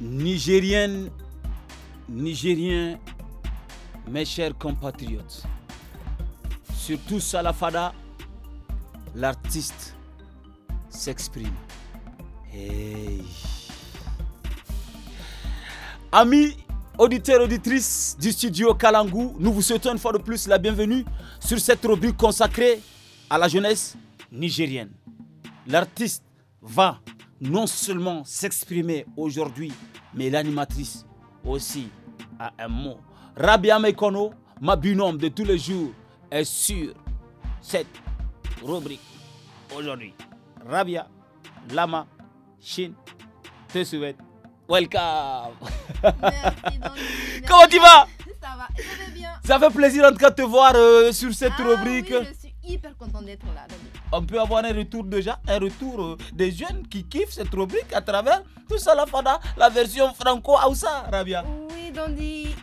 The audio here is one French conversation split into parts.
Nigérienne, Nigérien, mes chers compatriotes, surtout Salafada, l'artiste s'exprime. Hey. Amis auditeurs, auditrices du studio Kalangu, nous vous souhaitons une fois de plus la bienvenue sur cette rubrique consacrée à la jeunesse nigérienne. L'artiste va non seulement s'exprimer aujourd'hui, mais l'animatrice aussi a un mot. Rabia Mekono, ma binôme de tous les jours, est sur cette rubrique aujourd'hui. Rabia, Lama, Shin, te souhaite welcome. Merci, Comment tu vas Ça va, ça bien. Ça fait plaisir en tout cas de te voir euh, sur cette ah rubrique hyper content d'être là. On peut avoir un retour déjà, un retour euh, des jeunes qui kiffent cette rubrique à travers tout ça, la fada, la version franco-aoussa, Rabia. Oui,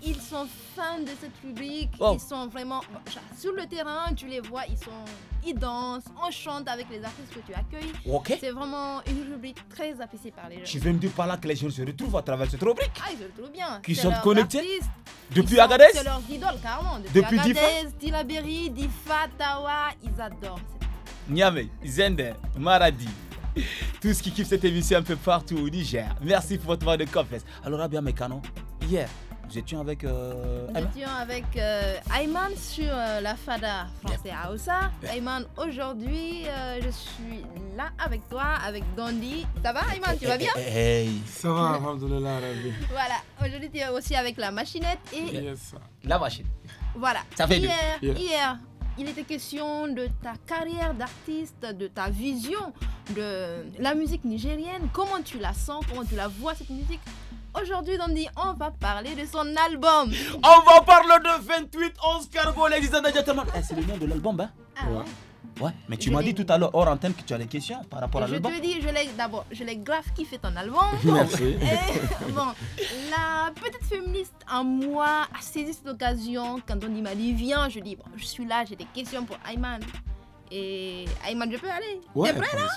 il sont fans de cette rubrique. Ils sont vraiment sur le terrain, tu les vois, ils sont, ils dansent, on chante avec les artistes que tu accueilles. C'est vraiment une rubrique très appréciée par les gens. Tu veux me dire par là que les gens se retrouvent à travers cette rubrique Ah, ils se retrouvent bien. Qui sont connectés Depuis Agadez C'est leur idole, carrément. Depuis, Agadez, Tilaberi, Difa, Tawa, ils adorent. Niamey, Zender, Maradi, tout ce qui kiffe cette émission un peu partout au Niger. Merci pour votre voix de confesse. Alors, Abia Mekano, hier, yeah. Euh, Nous étions avec. Euh, avec Ayman sur euh, la Fada français Aoussa. Ayman, aujourd'hui, euh, je suis là avec toi, avec Gandhi. Ça va, Ayman Tu vas eh, bien hey. Eh, eh, Ça va, Alhamdoulilah, Rabbi. Voilà, aujourd'hui, tu es aussi avec la machinette et. La machine. Voilà. Ça fait hier, hier, il était question de ta carrière d'artiste, de ta vision de la musique nigérienne. Comment tu la sens Comment tu la vois, cette musique Aujourd'hui, Dandy, on va parler de son album. On va parler de 28 11 Cargo, ladies and gentlemen. c'est le nom de l'album, hein ah ouais. Ouais, mais tu m'as dit tout à l'heure hors antenne que tu as des questions par rapport à l'album. Je te dis, je l'ai d'abord, je l'ai grave kiffé ton album. Merci. bon, la petite féministe en moi a saisi cette occasion quand on m'a dit viens, je dis bon, je suis là, j'ai des questions pour Ayman. Et Ayman, je peux aller Tu es prêt là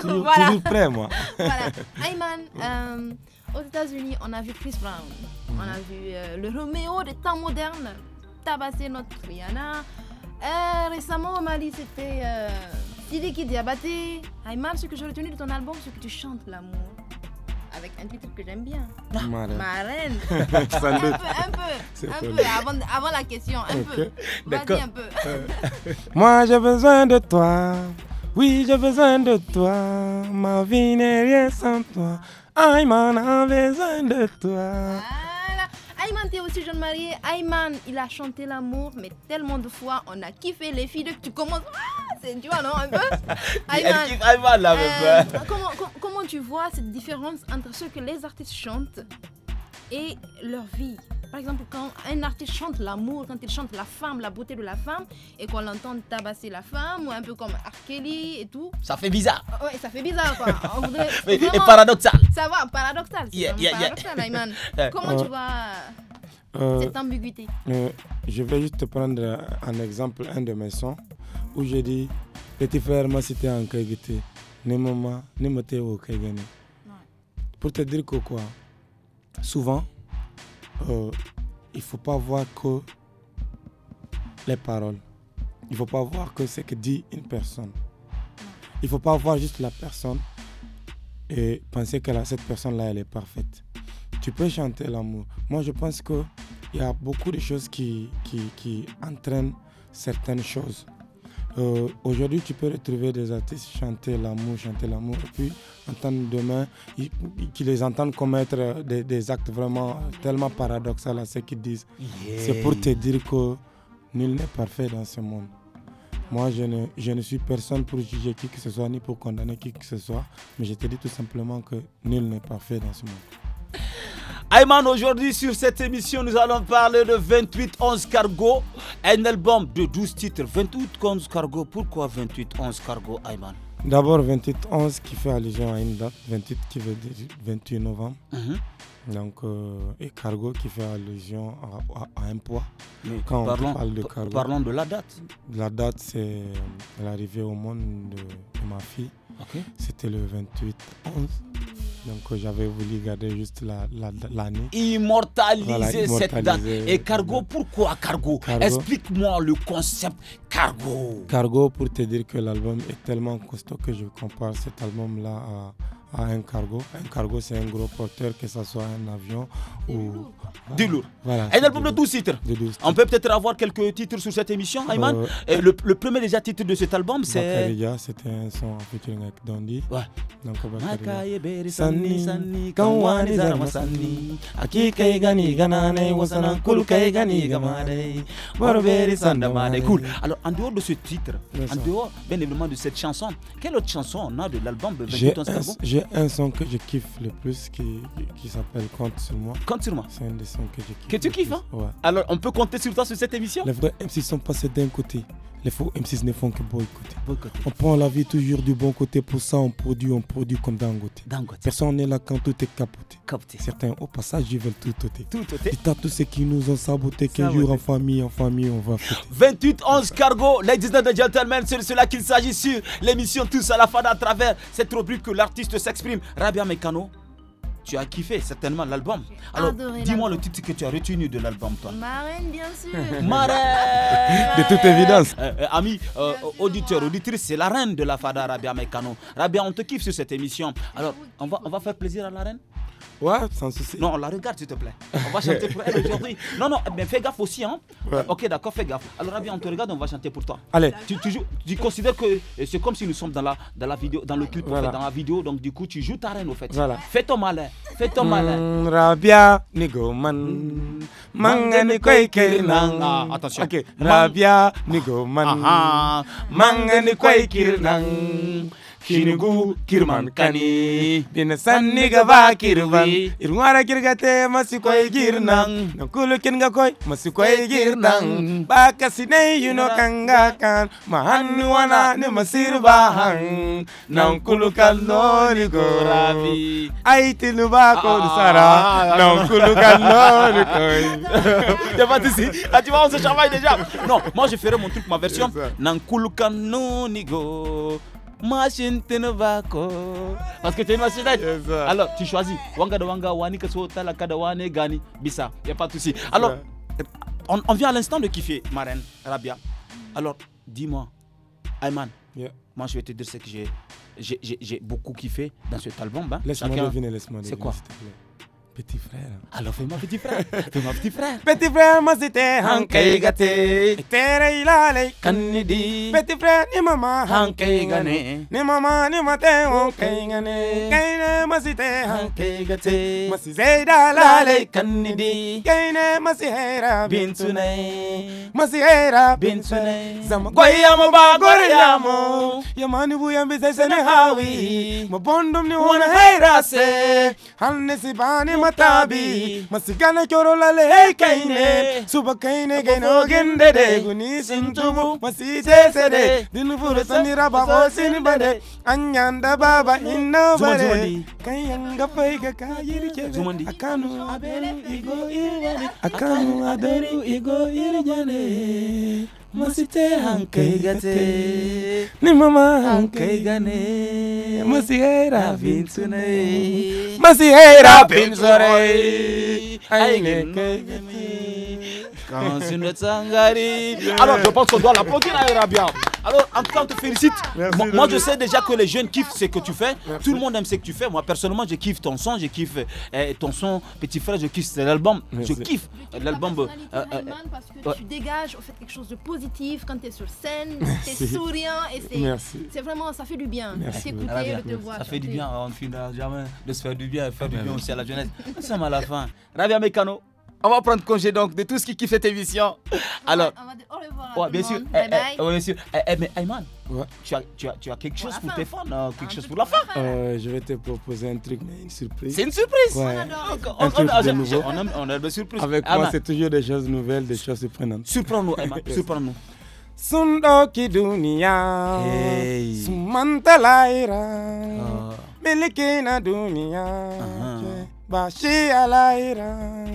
Tu es prêt, moi. voilà. Ayman, euh, aux États-Unis, on a vu Chris Brown. On a vu euh, le Romeo des temps modernes tabasser notre Rihanna. Euh, récemment, au Mali, c'était qui diabattait. Ayman, ce que j'ai retenu de ton album, c'est que tu chantes l'amour avec un titre que j'aime bien. Ah. Marraine. un peu, un peu, un peu, avant, la question, un peu. D'accord. un peu. Euh. Moi, j'ai besoin de toi. Oui, j'ai besoin de toi. Ma vie n'est rien sans toi. Ayman a besoin de toi. Voilà. Ayman, t'es aussi jeune marié. Ayman, il a chanté l'amour, mais tellement de fois, on a kiffé les filles tu commences tu vois, non Un peu comment, tu vois cette différence entre ce que les artistes chantent et leur vie par exemple, quand un artiste chante l'amour, quand il chante la femme, la beauté de la femme, et qu'on l'entend tabasser la femme, ou un peu comme Arkeli et tout. Ça fait bizarre. Ah ouais, ça fait bizarre, quoi. On et paradoxal. Ça va, paradoxal. paradoxal, Comment tu euh, vois euh, cette ambiguïté euh, Je vais juste te prendre un exemple, un de mes sons. Où je dis petit frère m'a cité en Kaigete. Ni maman, ni Pour te dire que quoi, souvent, euh, il ne faut pas voir que les paroles. Il ne faut pas voir que ce que dit une personne. Il ne faut pas voir juste la personne et penser que cette personne-là, elle est parfaite. Tu peux chanter l'amour. Moi, je pense qu'il y a beaucoup de choses qui, qui entraînent certaines choses. Euh, aujourd'hui, tu peux retrouver des artistes chanter l'amour, chanter l'amour, et puis entendre demain, qu'ils les entendent commettre euh, des, actes vraiment euh, tellement paradoxaux à ce qu'ils disent. C'est pour te dire que nul n'est parfait dans ce monde. Moi, je ne, je ne suis personne pour juger qui que ce soit, ni pour condamner qui que ce soit, mais je te dis tout simplement que nul n'est parfait dans ce monde. Ayman, aujourd'hui sur cette émission, nous allons parler de 28 11 Cargo, un album de 12 titres. 28 11 Cargo, pourquoi 28 11 Cargo, Ayman D'abord 28 11 qui fait allusion à une date, 28 qui veut dire 28 novembre. Mhm. Donc euh, et cargo qui fait allusion à, un poids. Mais parlons, de Parlons de la date. La date c'est l'arrivée au monde de, ma fille. C'était le 28 11. Donc euh, j'avais voulu garder juste l'année. immortaliser, cette date. Et cargo, pourquoi cargo. Explique-moi le concept cargo. Cargo pour te dire que l'album est tellement costaud que je compare cet album-là à un cargo. Un cargo, c'est un gros porteur, que ce soit un avion ou. Du lourd. Voilà. Et album de 12 titres. On peut peut-être avoir quelques titres sur cette émission, euh, Ayman. le, premier déjà titre de cet album, c'est. c'était un son en featuring avec d'Andy Ouais. Donc, Cool. Alors, en dehors de ce titre, en dehors, bien évidemment, de cette chanson, quelle autre chanson on a de l'album de J'ai un son que je kiffe le plus qui, qui s'appelle Compte sur moi. Compte sur moi. C'est un des sons que je kiffe. Que tu kiffes, hein Ouais. Alors, on peut compter sur toi sur cette émission Les vrais MC sont passés d'un côté les faux M6 ne font que boycotter. On prend la vie toujours du bon côté, pour ça on produit, on produit comme Dangote. côté, Personne n'est là quand tout est capoté. Certains, au passage, ils veulent tout ôter. Tout ôter. tous ceux qui nous ont saboté, qu'un jour en famille, en famille, on va 28, 11 cargo, les 19 gentlemen, c'est de cela qu'il s'agit sur l'émission Tous à la fin à travers cette rubrique que l'artiste s'exprime. Rabia Mekano, tu as kiffé certainement l'album. Alors, dis-moi le titre que tu as retenu de l'album, toi. Marraine, bien sûr. Marraine De toute évidence. Euh, euh, ami, euh, auditeur, auditrice, c'est la reine de la Fada, Rabia Mekano. Rabia, on te kiffe sur cette émission. Alors, on va, on va faire plaisir à la reine Ouais, sans souci. Non, on la regarde, s'il te plaît. On va chanter pour elle aujourd'hui. Non, non, mais fais gaffe aussi. Hein. Ok, d'accord, fais gaffe. Alors, Rabia on te regarde, on va chanter pour toi. Allez. Tu, tu, joues, tu considères que euh, c'est comme si nous sommes dans la, dans la vidéo, dans le clip, voilà. dans la vidéo. Donc, du coup, tu joues ta reine, au fait. Voilà. Fais ton malin. Fais ton hmm, malin. rabia, nigo man. Manga ni nang. Attention. Ok. Rabia, Nigoman. man. Ah, ah. Manga ni nang. Kinugu kirman kani Bin ba déjà Non moi je ferai mon truc ma version machine tenvako parce que t'es une machine alors tu choisis wanga de wanga wani la kadawane gani bisa y'a a pas de souci alors on, vient à l'instant de kiffer ma reine Rabia alors dis-moi Ayman moi je vais te dire ce que j'ai j'ai beaucoup kiffé dans cet album hein. laisse-moi deviner laisse-moi deviner c'est quoi Petit frère. Alors fais-moi petit frère. fais-moi petit frère. Petit frère, moi c'était Hankei Gate. Tere ilale kanidi. Petit frère, ni maman Hankei Gane. Ni maman, ni matin Hankei Gane. Kaine, moi c'était Hankei Gate. Moi si Zayda lale kanidi. Kaine, moi si Hera bintune. Moi si Hera bintune. Zama goya mo ba goya mo. Yamani bu bise zay sene hawi. Mo bondum ni wana Hera se. Hanne si bani matabi masigana kyorolale kaine suba kaine gaino gendede guni sintubu masite sede din furusani raba osin bade anyanda baba inna bare kayanga faiga kayirke akanu aderu igo irjane akanu aderu igo irjane masite hankaiga ni mama hankaiga ne masiheira vinsu Masi alors je pense doit à alors, en tout cas, on te félicite. moi, je sais déjà que les jeunes kiffent ce que tu fais. Tout le monde aime ce que tu fais. Moi, personnellement, je kiffe ton son, je kiffe eh, ton son, petit frère, je kiffe l'album. Je kiffe euh, l'album. Euh, euh, parce que tu dégages au fait, quelque chose de positif quand tu es sur scène, tu es souriant et c'est vraiment, ça fait du bien. Merci. Écouter, ah, Te voir ça fait du bien, hein, on ne finira jamais de se faire du bien et faire du bien aussi à la jeunesse. Nous sommes à la fin. Ravi Mekano. On va prendre congé donc de tout ce qui kiffe cette émission. Alors, eh, eh, ouais, bien sûr. bien eh, sûr. mais Ayman, tu, as, tu, as, tu as quelque euh, chose pour tes fans, quelque chose pour la fin. Euh, je vais te proposer un truc, mais une surprise. C'est une surprise On a des surprises. Avec ah, moi, c'est toujours des choses nouvelles, des choses surprenantes. Surprends-nous, Ayman, surprends-nous. Sundo ɗauki hey. sun manta na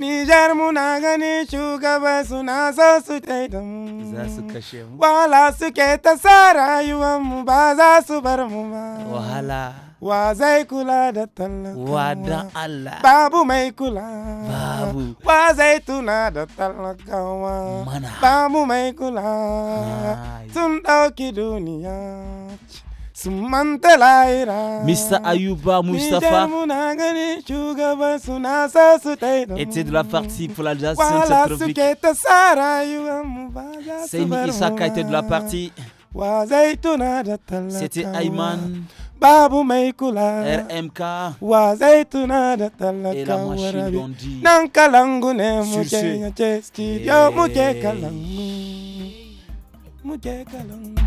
Nijar muna ganin shugaba suna so su taida mu. Za su kashe mu. Wahala suke ta sa rayuwanmu ba za su bar mu ba. Wahala. Wa zai kula da talaka. Wa da Allah. Babu mai kula. Babu. Wa zai tuna da talakawa. Mana. Babu mai kula. Sun ɗauki duniya. Missa Ayuba Mustafa était de la partie pour l'Alsace C'était était de la partie c'était Ayman RMK Et la machine